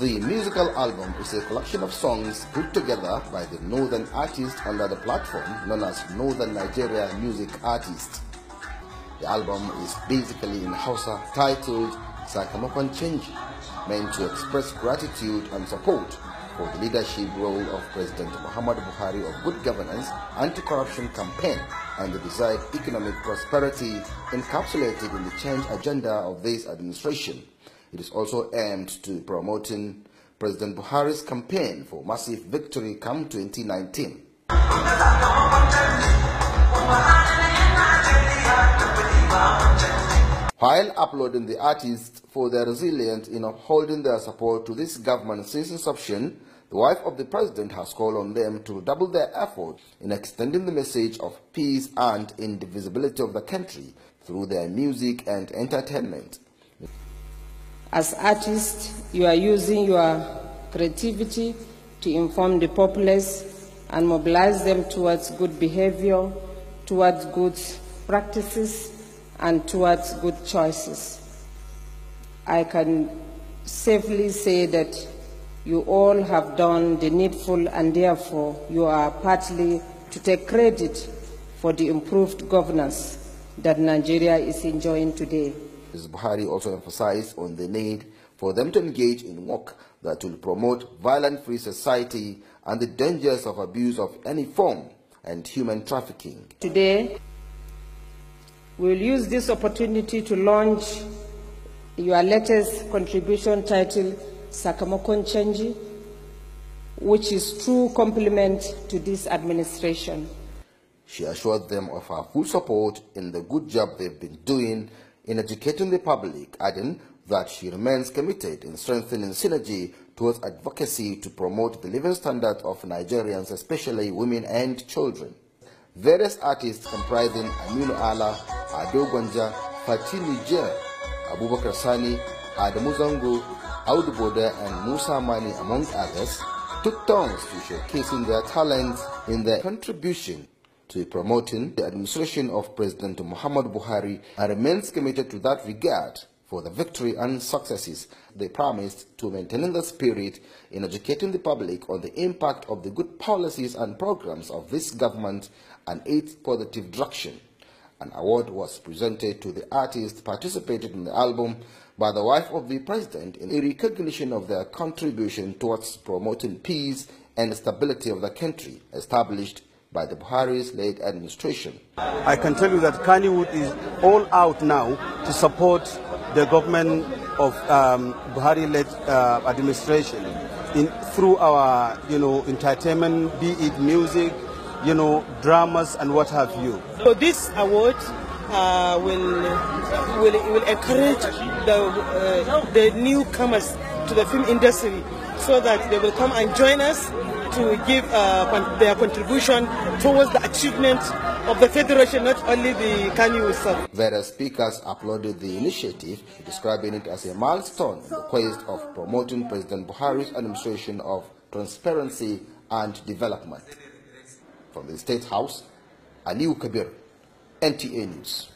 The musical album is a collection of songs put together by the northern artist under the platform known as Northern Nigeria Music Artist. The album is basically in Hausa titled Sakamakon Change, meant to express gratitude and support for the leadership role of President Muhammad Buhari of good governance, anti-corruption campaign and the desired economic prosperity encapsulated in the change agenda of this administration. It is also aimed to promoting President Buhari's campaign for massive victory come 2019. While applauding the artists for their resilience in upholding their support to this government since inception, the wife of the president has called on them to double their effort in extending the message of peace and indivisibility of the country through their music and entertainment. As artists, you are using your creativity to inform the populace and mobilize them towards good behavior, towards good practices, and towards good choices. I can safely say that you all have done the needful and therefore you are partly to take credit for the improved governance that Nigeria is enjoying today. Mr. Buhari also emphasized on the need for them to engage in work that will promote violent-free society and the dangers of abuse of any form and human trafficking. Today, we'll use this opportunity to launch your latest contribution titled "Sakamokonchenji," Chenji, which is true complement to this administration. She assured them of her full support in the good job they've been doing in educating the public, adding that she remains committed in strengthening synergy towards advocacy to promote the living standards of Nigerians, especially women and children. Various artists comprising Aminu Ala, Ado Gwanja, Fatini Jer, Abubakar Sani, Adamu Zango, and Musa Mani among others took turns to showcasing their talents in their contribution to promoting the administration of President Muhammad Buhari and remains committed to that regard for the victory and successes they promised to maintaining the spirit in educating the public on the impact of the good policies and programs of this government and its positive direction. An award was presented to the artists participated in the album by the wife of the president in recognition of their contribution towards promoting peace and stability of the country established by the Buhari's late administration. I can tell you that Kannywood is all out now to support the government of um, Buhari-led uh, administration in, through our, you know, entertainment, be it music, you know, dramas and what have you. So this award uh, will, will, will encourage the, uh, the newcomers to the film industry so that they will come and join us to give uh, con their contribution towards the achievement of the Federation, not only the KANU itself. Various speakers applauded the initiative, describing it as a milestone in the quest of promoting President Buhari's administration of transparency and development. From the State House, Aliu Kabir, NTA News.